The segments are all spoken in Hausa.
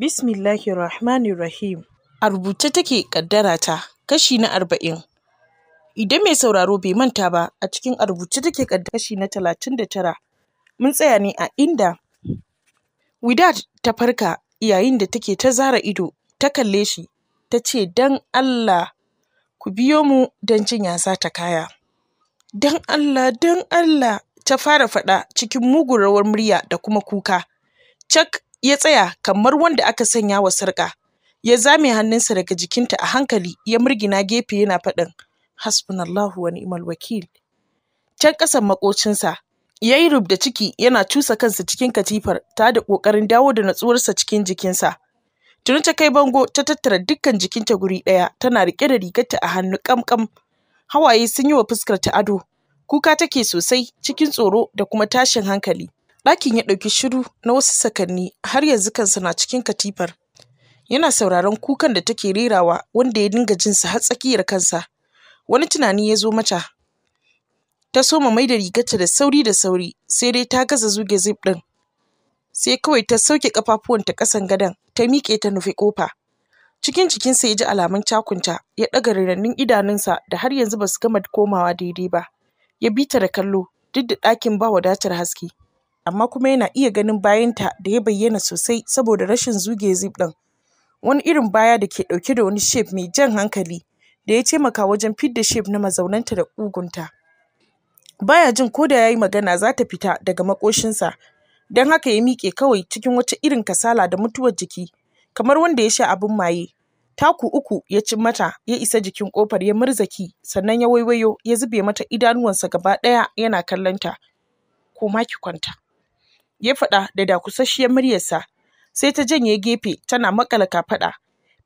Bismillahir Rahmanir Rahim. A rubuce take kaddara ta kashi na arba'in. Idan mai sauraro bai manta ba a cikin a rubuce take kaddara kashi na talatin da tara. Mun tsaya ne a inda Widat ta farka yayin da take ta zara ido ta kalle shi ta ce dan Allah ku biyo mu don jin ya za ta kaya. Dan Allah dan Allah ta fara faɗa cikin mugun rawar murya da kuma kuka. Cak ya tsaya kamar wanda aka sanya wa sarƙa ya zame hannunsa daga jikinta a hankali ya murgina gefe yana faɗin hasbunallahu wa ni'mal wakil can ƙasan makocinsa ya yi rubda ciki yana cusa kansa cikin katifar ta da ƙoƙarin dawo da natsuwarsa cikin jikinsa tuni ta kai bango ta tattara dukkan jikinta guri ɗaya tana riƙe da rigarta a hannu ƙamƙam hawaye sun yi wa fuskar ta ado kuka take sosai cikin tsoro da kuma tashin hankali Ɗakin ya ɗauki shiru na wasu sakanni har yanzu kansa na cikin katifar. Yana sauraron kukan da take rerawa wanda ya dinga jinsa har tsakiyar kansa. Wani tunani ya zo mata. Ta soma mai da rigarta da sauri da sauri sai dai ta gaza zuge zip ɗin. Sai kawai ta sauke kafafuwanta kasan gadan ta miƙe ta nufi ƙofa. Cikin jikinsa ya ji alamun cakunta, ya ɗaga rirannin idanunsa da har yanzu ba su gama komawa daidai ba. Ya bi ta da kallo duk da ɗakin ba wadatar haske. amma kuma yana iya ganin bayanta da ya bayyana sosai saboda rashin zuge zip ɗin. Wani irin baya da ke ɗauke da wani shape mai jan hankali da ya taimaka wajen fidda shape na mazaunanta da ƙugunta. Baya jin ko da yayi magana za ta fita daga makoshinsa don haka ya miƙe kawai cikin wata irin kasala da mutuwar jiki, kamar wanda ya sha abin maye. Taku uku ya ci mata ya isa jikin kofar ya murzaki sannan ya waiwayo ya zube mata idanuwansa gaba ɗaya yana kallonta. ma ki kwanta. ya faɗa da dakusasshiyar muryarsa sai ta janye gefe tana makala kafaɗa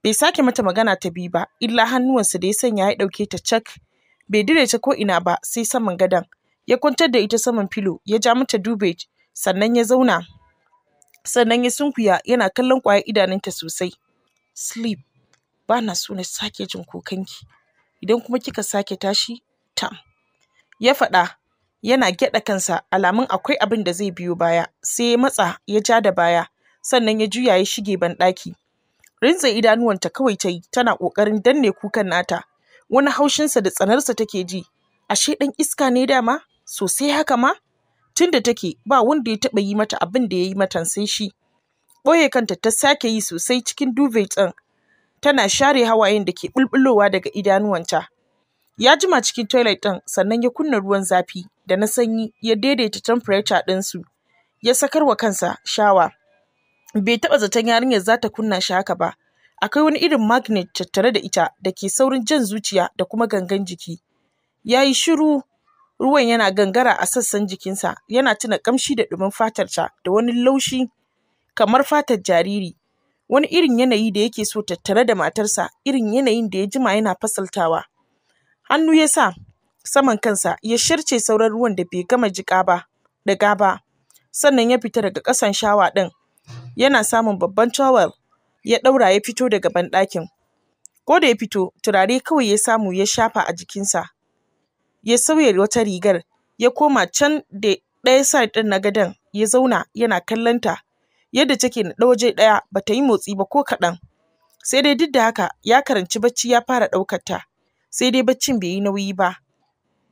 bai sake mata magana ta bi ba illa hannuwansa da ya sanya ya ɗauke ta cak bai dire ta ko ina ba sai saman gadan ya kwantar da ita saman filo ya ja mata dube sannan ya zauna sannan ya sunkuya yana kallon ƙwayar idanunta sosai sleep ba na so na sake jin kokanki, idan kuma kika sake tashi tam ya faɗa yana gyaɗa kansa alamun akwai abin da zai biyo baya sai ya matsa ya ja da baya sannan ya juya ya shige banɗaki Rintsa idanuwanta kawai ta yi tana ƙoƙarin danne kukan nata wani haushinsa da tsanarsa take ji ashe ɗan iska ne dama sosai haka ma tunda take ba wanda ya taɓa yi mata abin da ya yi mata sai shi ɓoye kanta ta sake yi sosai cikin duvet tana share hawayen da ke bulbulowa daga idanuwanta Ya jima cikin toilet ɗin sannan ya kunna ruwan zafi da na sanyi ya daidaita temperature ɗinsu ya sakar wa kansa shawa. Bai taɓa zaton yarinyar za ta kunna shi haka ba. Akwai wani irin magnet tattare da ita da ke saurin jan zuciya da kuma gangan jiki. Ya yi shiru ruwan yana gangara a sassan jikinsa yana tuna kamshi da ɗumin fatarta da wani laushi kamar fatar jariri. Wani irin yanayi da yake so tattare da matarsa irin yanayin da ya jima yana fasaltawa. hannu ya sa saman kansa ya shirce sauran ruwan da bai gama jiƙa ba da gaba sannan ya fita daga ƙasan shawa ɗin yana samun babban towel ya ɗaura ya fito daga banɗakin ko da ya fito turare kawai ya samu ya shafa a jikinsa ya sauya wata rigar ya koma can da ɗaya side ɗin na gadon ya zauna yana kallonta yadda take na waje ɗaya ba ta yi motsi ba ko kaɗan sai dai duk da haka ya karanci bacci ya fara ɗaukar ta sai dai baccin bai yi nauyi ba.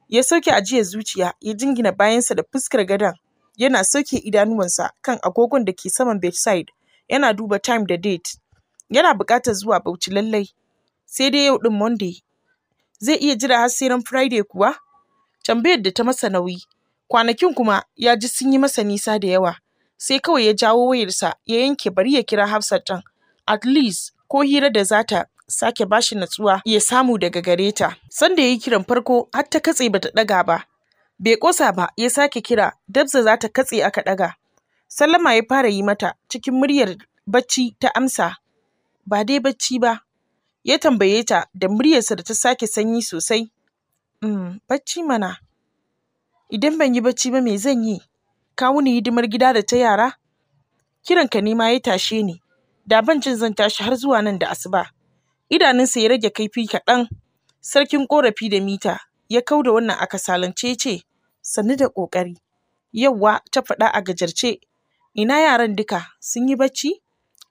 Ya sauke ajiyar zuciya, ya jingina bayansa da fuskar gadon, yana sauke idanuwansa kan agogon da ke saman bedside, yana duba time da date. Yana buƙatar zuwa Bauchi lallai, sai dai yau ɗin Monday. Zai iya jira har sai ran Friday kuwa? Tambayar da ta masa nauyi, kwanakin kuma ya ji sun yi masa nisa da yawa, sai kawai ya jawo wayarsa ya yanke bari ya kira Hafsat ɗin. At least ko hira da za ta. sake bashi natsuwa ya samu daga gare ta sanda yi kiran farko har ta katse bata daga ba bai kosa ba ya sake kira dabza za ta katse aka daga sallama ya fara yi mata cikin muryar bacci ta amsa ba dai bacci ba ya tambaye ta da muryarsa da ta sake sanyi sosai mm, bacci mana idan ban yi bacci ba me zan yi ka wuni hidimar gida da ta yara kiranka ne ya tashe ni da ban jin zan tashi har zuwa nan da asuba Idanunsa ya rage kaifi kaɗan. Sarkin ƙorafi da mita ya kau da wannan akasalance ce, sannu da ƙoƙari. Yauwa ta faɗa a gajarce, ina yaran duka sun yi bacci?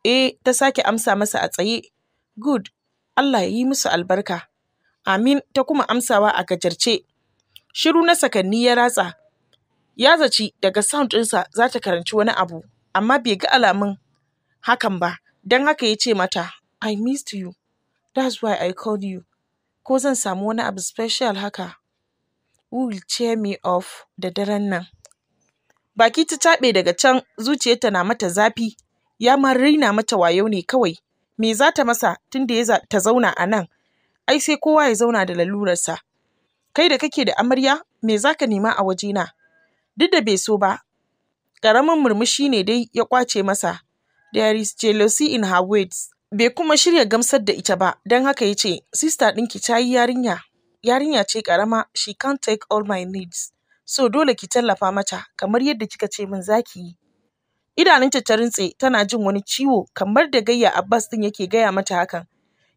Eh, ta sake amsa masa a tsaye. Good, Allah ya yi musu albarka. Amin ta kuma amsawa a gajarce. Shiru na sakanni ya ratsa. Ya zaci daga sound ɗinsa za ta karanci wani abu, amma bai ga alamun hakan ba, don haka ya ce mata, I missed you. That's why I called you. Ko zan samu wani abu special haka? Who will cheer me off da daren nan? Baki ta taɓe daga can zuciyarta na mata zafi, ya ma raina mata wayo ne kawai. Me za ta masa tun da ya ta zauna a nan? Ai sai kowa ya zauna da lalurarsa. Kai da kake da amarya, me za ka nema a wajena? Duk da bai so ba, ƙaramin murmushi ne dai ya ƙwace masa. There is jealousy in her words. bai kuma shirya gamsar da ita ba don haka ya ce sista ɗinki ta yi yarinya yarinya ce ƙarama she can't take all my needs so dole ki tallafa mata kamar yadda kika ce min za ki yi idanunta ta rintse tana jin wani ciwo kamar da gayya abbas ɗin yake gaya mata hakan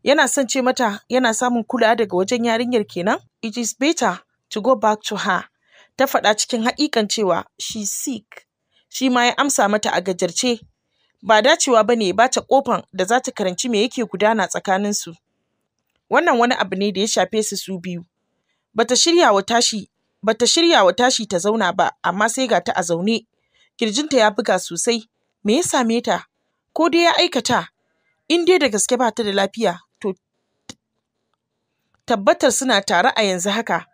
yana son ce mata yana samun kula daga wajen yarinyar kenan it is better to go back to her ta faɗa cikin haƙiƙan cewa she sick shi ma ya amsa mata a gajarce ba dacewa ba ne ya bata ƙofan da za ta karanci me yake gudana tsakaninsu. Wannan wani abu ne da ya shafe su su biyu. Bata shirya wa tashi ta shirya wa tashi ta zauna ba amma sai ga ta a zaune. Kirjinta ya buga sosai. Me ya same ta? Ko dai ya aikata? In dai da gaske ba ta da lafiya to tabbatar suna tare a yanzu haka.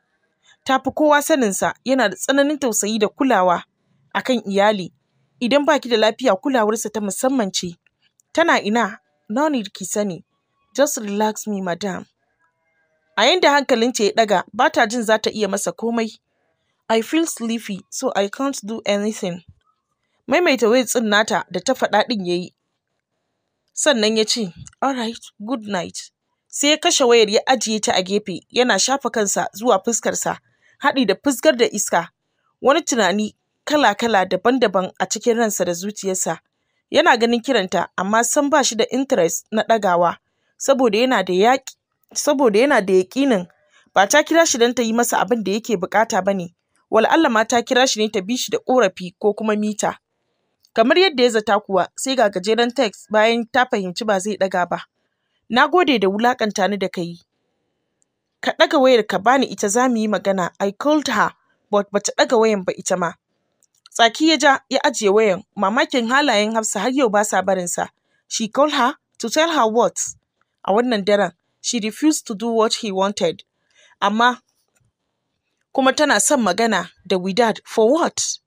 Ta fi kowa saninsa yana da tsananin tausayi da kulawa akan iyali. Idan baki da lafiya kulawarsa ta musamman ce. Tana ina? No need ki sani. Just relax me madam. A yanda ce ya ɗaga ba ta jin za ta iya masa komai. I feel sleepy so I can't do anything. Maimaita wai tsin nata da ta faɗa ɗin ya yi. Sannan ya ce, alright, good night. Sai ya kashe wayar ya ajiye ta a gefe yana shafa kansa zuwa fuskarsa haɗi da fuskar da iska. Wani tunani kala-kala daban-daban a cikin ransa da zuciyarsa. Yana ganin kiranta amma san ba shi da interest na ɗagawa saboda yana da yaƙi saboda yaƙinin ba ta kira shi don ta yi masa abin da yake bukata ba ne. Wal'alla ma ta kira shi ne ta bi shi da ƙorafi ko kuma mita. Kamar yadda ya zata kuwa sai ga gajeren text bayan ta fahimci ba zai ɗaga ba. Na gode da wulaƙanta ni da ka yi. Ka ɗaga wayar ka bani ita za mu yi magana. I called her but bata ɗaga wayan ba ita ma. Tsaki ya ja ya ajiye wayan, mamakin halayen Hafsa har yau ba sa barinsa. She called her to tell her what. A wannan daren, she refused to do what he wanted. Amma kuma tana son magana da Widad for what?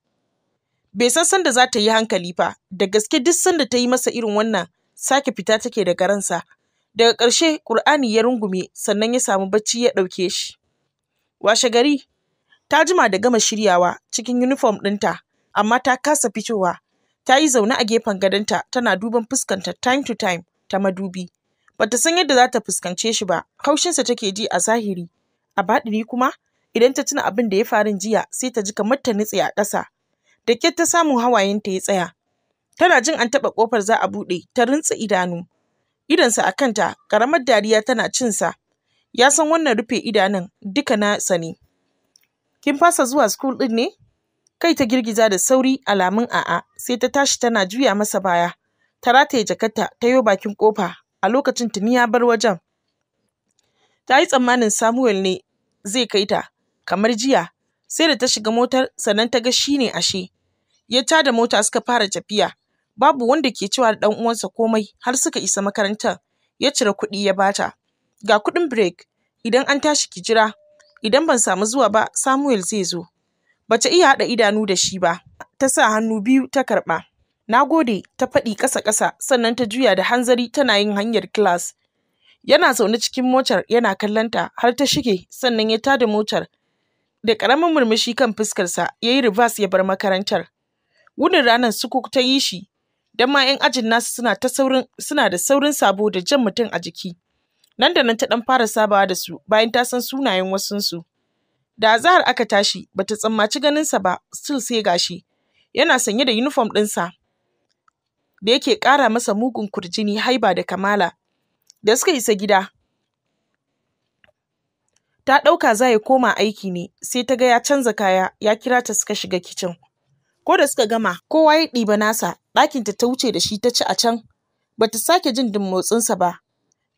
Bai san sanda za ta yi hankali ba, da gaske duk sanda ta yi masa irin wannan sake fita take daga ransa. Daga ƙarshe Ƙur'ani ya rungume sannan ya samu bacci ya ɗauke shi. Washe gari, ta jima da gama shiryawa cikin uniform ɗinta amma ta kasa fitowa. Ta yi zaune a gefen gadonta tana duban fuskanta time to time ta madubi. Bata san yadda za ta fuskance shi ba, haushinsa take ji a zahiri. A baɗiri kuma, idan ta tuna abin da ya faru jiya sai ta ji kamar ta nutse a ƙasa. Da ke ta samu hawayenta ya tsaya. Tana jin an taɓa ƙofar za a buɗe, ta rintsa idanu. Idonsa a kanta, ƙaramar dariya tana cinsa. Ya san wannan rufe idanun duka na sani. Kin fasa zuwa school ɗin ne? kai ta girgiza da sauri alamun a'a sai ta tashi tana juya masa baya ta rataye jakarta ta yo bakin kofa a lokacin tuni ya bar wajen ta yi tsammanin samuel ne zai kai ta kamar jiya sai da ta shiga motar sannan ta ga shi ne ashe ya da mota suka fara tafiya babu wanda ke cewa da ɗan uwansa komai har suka isa makarantar ya cire kuɗi ya bata ga kuɗin break idan an tashi ki jira idan ban samu zuwa ba samuel zai zo Bata iya haɗa idanu da shi ba, ta sa hannu biyu ta karɓa. Na gode, ta faɗi ƙasa-ƙasa sannan ta juya da hanzari tana yin hanyar kilas. Yana zaune cikin motar yana kallonta har ta shige sannan ya tada motar. Da ƙaramin murmushi kan fuskarsa ya yi ribas ya bar makarantar. Wunin ranar suku ta yi shi, don ma 'yan ajin nasu suna, ta saurin, suna da saurin sabo da jan mutum a jiki. Nan da nan ta ɗan fara sabawa da su bayan ta san sunayen wasunsu. Da zahar aka tashi, bata ta tsammaci ganinsa ba, still sai gashi. Yana sanye da yunifom ɗinsa da yake ƙara masa mugun kurjini haiba da kamala. Da suka isa gida, ta ɗauka za ya koma aiki ne, sai ta ga ya canza kaya, ya kira ta suka shiga kicin. Ko da suka gama, kowa ya ɗiba nasa, ɗakinta ta wuce da shi ta ci a can. bata sake jin din motsinsa ba,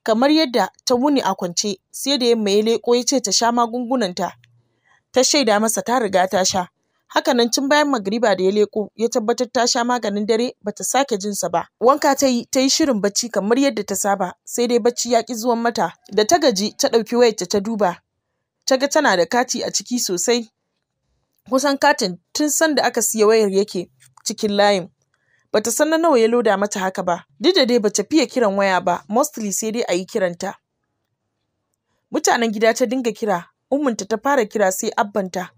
kamar yadda ta wuni a kwance, sai da yamma ya leƙo ya ce ta sha magungunanta. ta shaida masa ta riga ta sha haka nan tun bayan magariba da ya leko ya tabbatar ta sha maganin dare bata sake jin sa ba wanka ta yi ta yi shirin bacci kamar yadda ta saba sai dai bacci ya ki zuwan mata da ta gaji ta ɗauki wayarta ta duba ta ga tana da kati a ciki sosai kusan katin tun sanda aka siya wayar yake cikin layin bata san na nawa ya loda mata haka ba duk da dai bata fiye kiran waya ba mostly sai dai a yi kiranta mutanen gida ta dinga kira Umminta ta fara kira sai abbanta,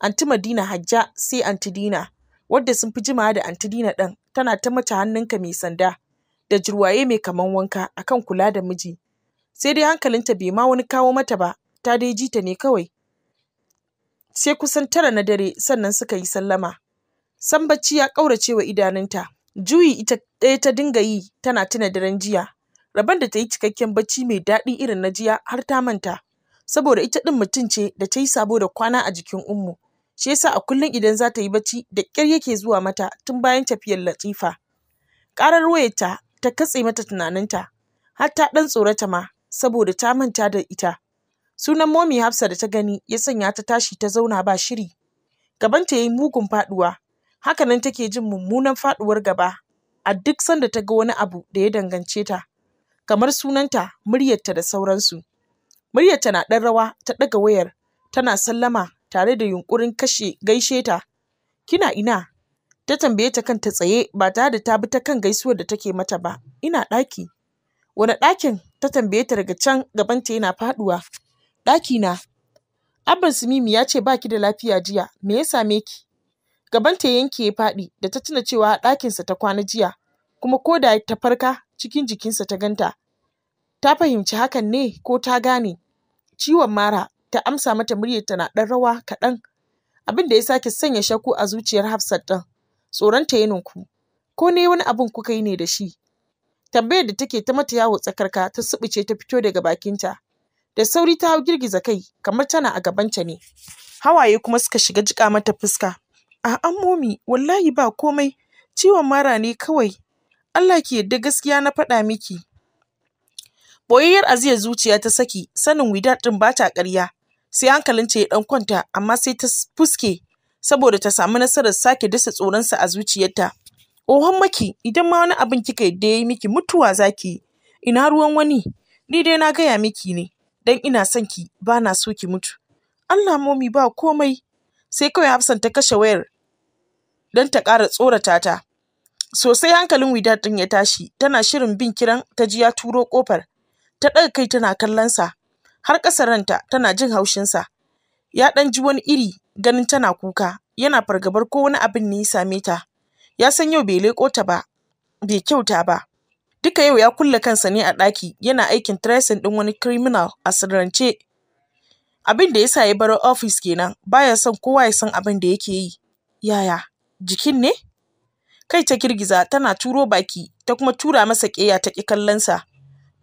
Anti Madina Hajja sai Anti Dina, wadda sun fi jimawa da Anti Dina ɗin tana ta mace hannunka mai sanda da jirwaye mai kaman wanka akan kula da miji. Sai dai hankalinta bai ma wani kawo mata ba, ta dai ji ta ne kawai. Sai kusan tara na dare sannan suka yi sallama. San bacci ya ƙaurace wa idanunta, juyi ita ɗaya ta dinga yi tana tuna daren jiya, rabon da ta yi cikakken bacci mai daɗi irin na jiya har ta manta. saboda ita ɗin mutum ce da ta yi sabo da kwana a jikin ummu shi yasa a kullum idan za ta yi bacci da ƙyar yake zuwa mata tun bayan tafiyar latifa ƙarar wayarta ta katse mata tunaninta har ta ɗan tsorata ma saboda ta manta da ita sunan momi hafsa da ta gani ya sanya ta tashi ta zauna ba shiri gabanta ya yi mugun faɗuwa hakanan take jin mummunan faɗuwar gaba a duk sanda ta ga wani abu da ya dangance ta kamar sunanta muryarta da sauransu Muryarta na ɗan rawa ta ɗaga wayar tana sallama tare da yunƙurin kashe gaishe ta. Kina ina? Ta tambaye ta kanta tsaye ba tare da ta bi ta kan gaisuwar da take mata ba. Ina ɗaki. Wane ɗakin? Ta tambaye ta daga can gabanta yana faɗuwa. Ɗaki na. Abban Sumimi ya ce baki da lafiya jiya. Me ya same ki? Gabanta ya yanke ya faɗi da ta tuna cewa ɗakinsa ta kwana jiya. Kuma ko da ta farka cikin jikinsa ta ganta. Ta fahimci hakan ne ko ta gane. ciwon mara ta amsa mata muryarta na ɗan rawa kaɗan abin da ya sake sanya shaku a zuciyar Hafsat ɗin tsoronta ya ninku ko ne wani abin kuka yi ne da shi tambayar da take ta mata yawo tsakarka ta subuce ta fito daga bakinta da sauri ta hau girgiza kai kamar tana a gabanta ne hawaye kuma suka shiga jika mata fuska a amomi wallahi ba komai ciwon mara ne kawai Allah ki yadda gaskiya na faɗa miki Boyayyar aziyar zuciya ta saki, sanin Widar ɗin ba ta ƙarya. Sai hankalinta ya ɗan kwanta, amma sai ta fuske saboda ta samu nasarar sake dasa tsoronsa a zuciyarta. Ohon maki, idan ma wani abin kika yadda ya yi miki mutuwa zaki yi. Ina ruwan wani? Ni dai na gaya miki ne, don ina son ki ba na so ki mutu. Allah momi ba komai. Sai kawai Hafsan ta kashe wayar don ta ƙara tsorata ta. Sosai hankalin Widat ɗin ya tashi, tana shirin bin kiran ta ji ya turo ƙofar. ta ɗaga kai tana kallonsa har ƙasar ranta tana jin haushinsa ya ɗan ji wani iri ganin tana kuka yana fargabar ko wani abin ne ya same ta ya san yau bai leƙo ta ba bai kyauta ba duka yau ya kulle kansa ne a ɗaki yana aikin tracing ɗin wani criminal a sirrance abin da yasa ya bar office kenan baya son kowa ya san abin da yake yi yaya jikin ne kai ta girgiza tana turo baki ta kuma tura masa ƙeya ta ƙi kallonsa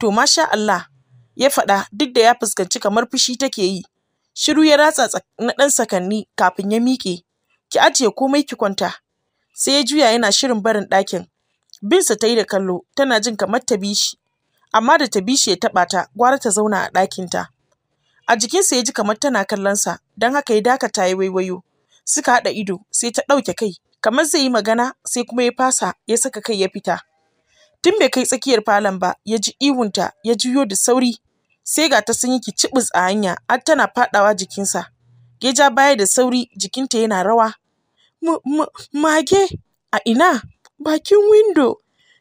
To masha Allah, ya faɗa duk da ya fuskanci kamar fushi take yi. Shiru ya ratsa na ɗan sakanni kafin ya miƙe. Ki ajiye komai ki kwanta. Sai ya juya yana shirin barin ɗakin. Binsa ta yi da kallo, tana jin kamar ta bi shi. Amma da ta bishi ya taɓa ta, gwara ta zauna a ɗakinta. A jikinsa ya ji kamar tana kallon sa, don haka ya dakata ya waiwayo. Suka haɗa ido, sai ta ɗauke kai, kamar zai yi magana, sai kuma ya fasa, ya saka kai ya fita. Tun bai kai tsakiyar falon ba ya ji ihunta ya juyo da sauri sai ga ta sun yi kicibis a hanya har tana faɗawa jikinsa. geja baya da sauri jikinta yana rawa. Mage a ina? Bakin windo.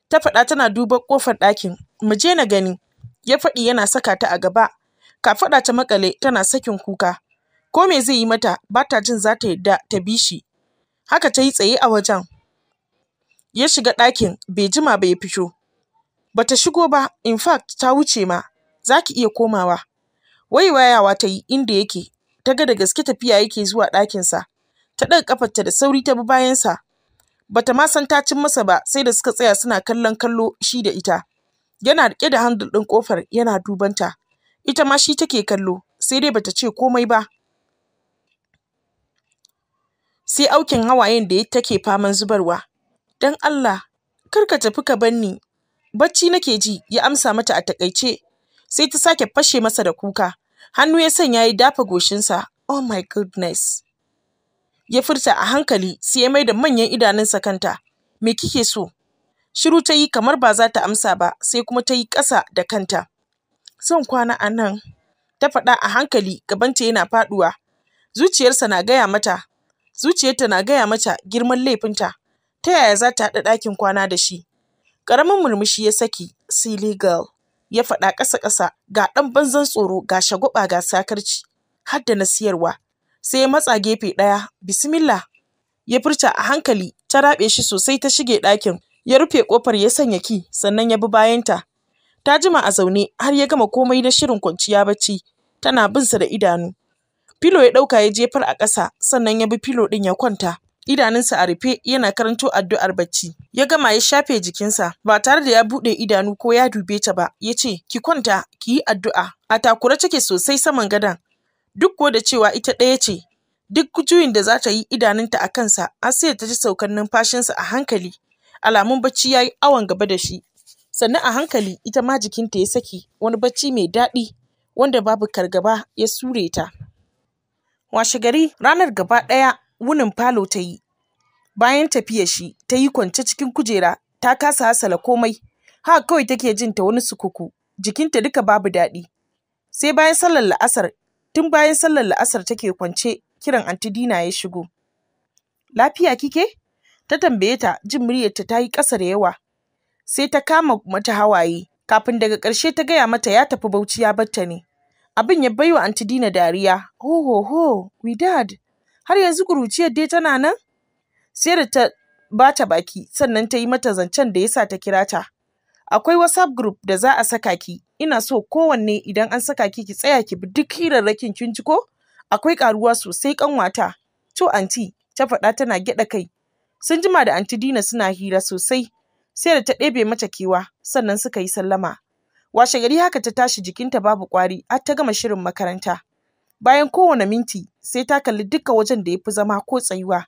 Ta faɗa tana duba ƙofar ɗakin. Mu je na gani. Ya faɗi yana saka ta a gaba. Kafaɗa ta makale tana sakin kuka. Ko me zai yi mata ba ta jin za ta yadda ta bi shi. Haka ta yi tsaye a wajen. Ya shiga ɗakin bai jima ba ya fito. Ba ta shigo ba, in fact ta wuce ma, za ki iya komawa. Wai wayawa ta yi inda yake, ta ga da gaske tafiya yake zuwa ɗakinsa. Ta ɗaga ƙafarta da sauri ta bi bayansa. Ba ta ma san ta cin masa ba sai da suka tsaya suna kallon kallo shi da ita. Yana riƙe da handle ɗin ƙofar yana dubanta. Ita ma shi take kallo, sai dai bata ce komai ba. Sai aukin hawayen da take faman zubarwa. “Don Allah kar ka tafi ka banni. bacci nake ji,” ya amsa mata a taƙaice, sai ta sake fashe masa da kuka, hannu ya sanya ya dafa goshinsa. “Oh my goodness!” ya furta a hankali sai ya maida manyan idanunsa kanta. “Me kike so?” Shiru ta yi kamar ba za ta amsa ba, sai kuma ta yi ƙasa da kanta. “Zan kwana a nan,” ta faɗa a hankali gabanta yana faɗuwa. Zuciyarsa na gaya mata, zuciyarta na gaya mata girman laifinta. ta yaya za ta haɗa ɗakin kwana da shi? Ƙaramin murmushi ya saki, Silly Girl, ya faɗa ƙasa-ƙasa ga ɗan banzan tsoro ga shagwaɓa ga sakarci, har da na siyarwa. Sai ya matsa gefe ɗaya, Bismillah, ya furta a hankali, ta raɓe shi sosai ta shige ɗakin, ya rufe ƙofar ya sanya ki, sannan ya bi bayanta. Ta jima a zaune har ya gama komai na shirin kwanciya bacci, tana binsa da idanu. Filo ya ɗauka ya jefar a ƙasa, sannan ya bi filo ɗin ya kwanta. idanunsa a rufe yana karanto addu'ar bacci. Ya gama ya shafe jikinsa ba tare da ya buɗe idanu ko ya dube ta ba, ya ce, Ki kwanta, ki yi addu'a. A takura cike sosai saman gadon, duk ko da cewa ita ɗaya ce, duk juyin da za ta yi idanunta a kansa, har sai ta ji saukan numfashinsa a hankali. Alamun bacci ya yi awon gaba da shi. Sannan a hankali ita ma jikinta ya saki wani bacci mai daɗi wanda babu kargaba ya sure ta. Washe gari ranar gaba ɗaya wunin falo ta yi bayan tafiyar shi ta yi kwance cikin kujera ta kasa hasala komai haka kawai take jin ta wani sukuku jikinta duka babu daɗi sai bayan sallar la'asar tun bayan sallar la'asar take kwance kiran anti dina ya shigo lafiya kike ta tambaye ta jin muryarta ta yi ƙasa da yawa sai ta kama mata hawaye kafin daga ƙarshe ta gaya mata ya tafi bauchi ya batta ne abin ya baiwa anti dina dariya ho ho ho widad har yanzu kuruciyar dai tana nan sai da ta bata baki sannan ta yi mata zancen da yasa ta kira ta akwai whatsapp group da za a saka ki ina so kowanne idan an saka ki ki tsaya ki bi duk hirarrakin kin ji ko akwai karuwa sosai kanwata to anti ta faɗa tana gyaɗa kai sun jima da anti dina suna hira sosai sai da ta ɗebe mata kewa sannan suka yi sallama washe gari haka ta tashi jikinta babu kwari har ta gama shirin makaranta Bayan kowane minti sai ta kalli duka wajen da ya fi zama ko tsayuwa,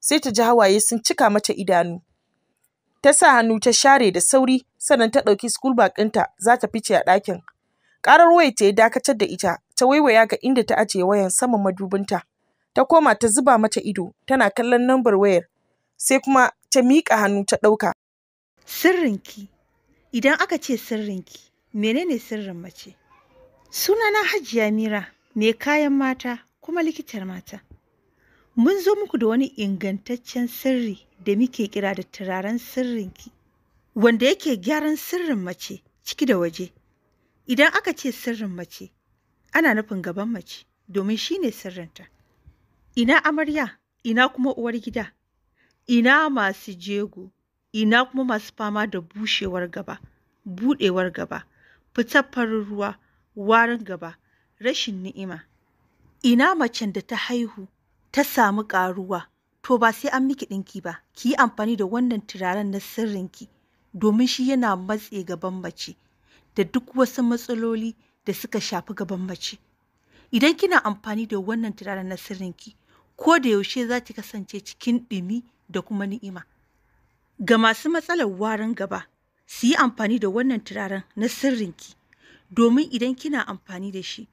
sai ta ji hawaye sun cika mata idanu. Ta sa hannu ta share da sauri sannan ta ɗauki school bag ɗinta za ta fice a ɗakin. Ƙarar waya ta yi dakatar da ita, ta waiwaya ga inda ta ajiye wayan saman madubinta. Ta koma ta zuba mata ido tana kallon lambar wayar, sai kuma ta miƙa hannu ta ɗauka. Sirrinki, idan aka ce sirrinki, menene sirrin mace? Sunana Hajiya Mira. ne kayan mata kuma likitar mata. Mun zo muku da wani ingantaccen sirri da muke kira da turaren sirrinki, wanda yake gyaran sirrin mace ciki da waje. Idan aka ce sirrin mace, ana nufin gaban mace domin shi ne sirrinta. Ina amarya, ina kuma uwar gida, ina masu jego, ina kuma masu fama da bushewar gaba, buɗewar gaba, fitar ruwa, warin gaba, rashin ni'ima. Ina macen da ta haihu ta samu ƙaruwa, to ba sai an miki ɗinki ba, ki yi amfani da wannan turaren na sirrinki domin shi yana matse gaban mace da duk wasu matsaloli da suka shafi gaban mace. Idan kina amfani da wannan turaren na sirrinki, ko da yaushe za ki kasance cikin ɗumi da kuma ni'ima. Ga masu matsalar warin gaba, su yi amfani da wannan turaren na sirrinki domin idan kina amfani da shi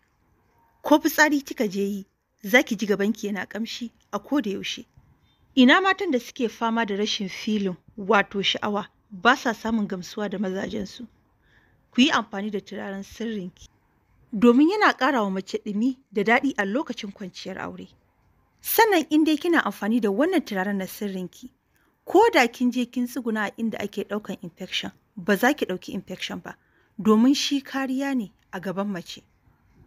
ko fitsari kika je yi za ki ji gabanki yana kamshi a ko da yaushe ina matan da suke fama da rashin filin wato sha'awa ba sa samun gamsuwa da mazajensu ku yi amfani da turaren ki. domin yana ƙara wa mace ɗumi da daɗi a lokacin kwanciyar aure sannan in dai kina amfani da wannan turaren na sirrin ki, ko da kin je kin tsuguna a inda ake ɗaukan infection ba za ki ɗauki infection ba domin shi kariya ne a gaban mace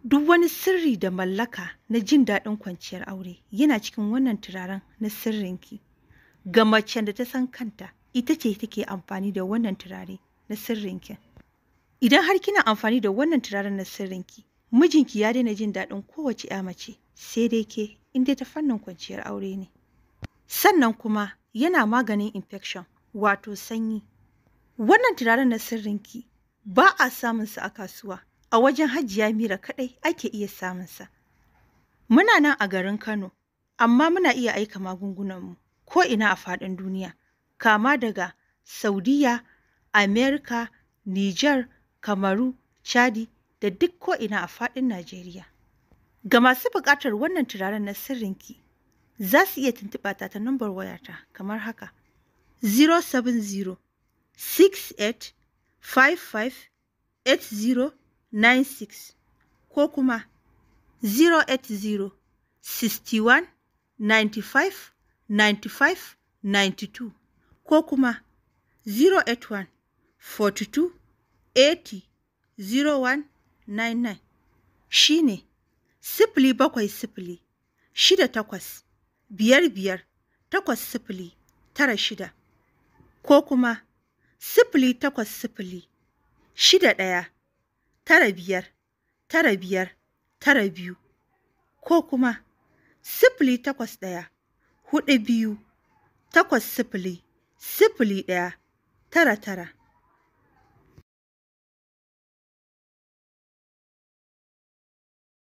Duk wani sirri da mallaka na jin daɗin kwanciyar aure yana cikin wannan turaren na sirrinki. Ga macen da ta san kanta, ita ce take amfani da wannan turare na sirrinki. Idan har kina amfani da wannan turaren na sirrinki, mijinki ya daina jin daɗin kowace ya mace sai dai ke inda ta fannin kwanciyar aure ne. Sannan kuma yana maganin infection wato sanyi. Wannan turaren na sirrinki ba a samun a kasuwa. a wajen Hajiya Mira kaɗai ake iya samunsa. Muna nan a garin Kano, amma muna iya aika magungunanmu ko ina a faɗin duniya, kama daga Saudiya, Amerika, Nijar, Kamaru, Chadi da duk ko'ina a faɗin Najeriya. Ga masu buƙatar wannan turaren na sirrinki, za su iya tuntuɓa ta ta nambar wayata kamar haka: 070 68 55 80 96 ko kuma 080 61 95 95 92 ko kuma 081 42 80 0199 shi ne sifili bakwai sifili shida takwas biyar biyar takwas tara shida ko kuma sifili takwas sifili shida ɗaya tara biyar tara biyar tara biyu ko kuma sifili takwas ɗaya huɗu biyu takwas sifili sifili ɗaya tara tara.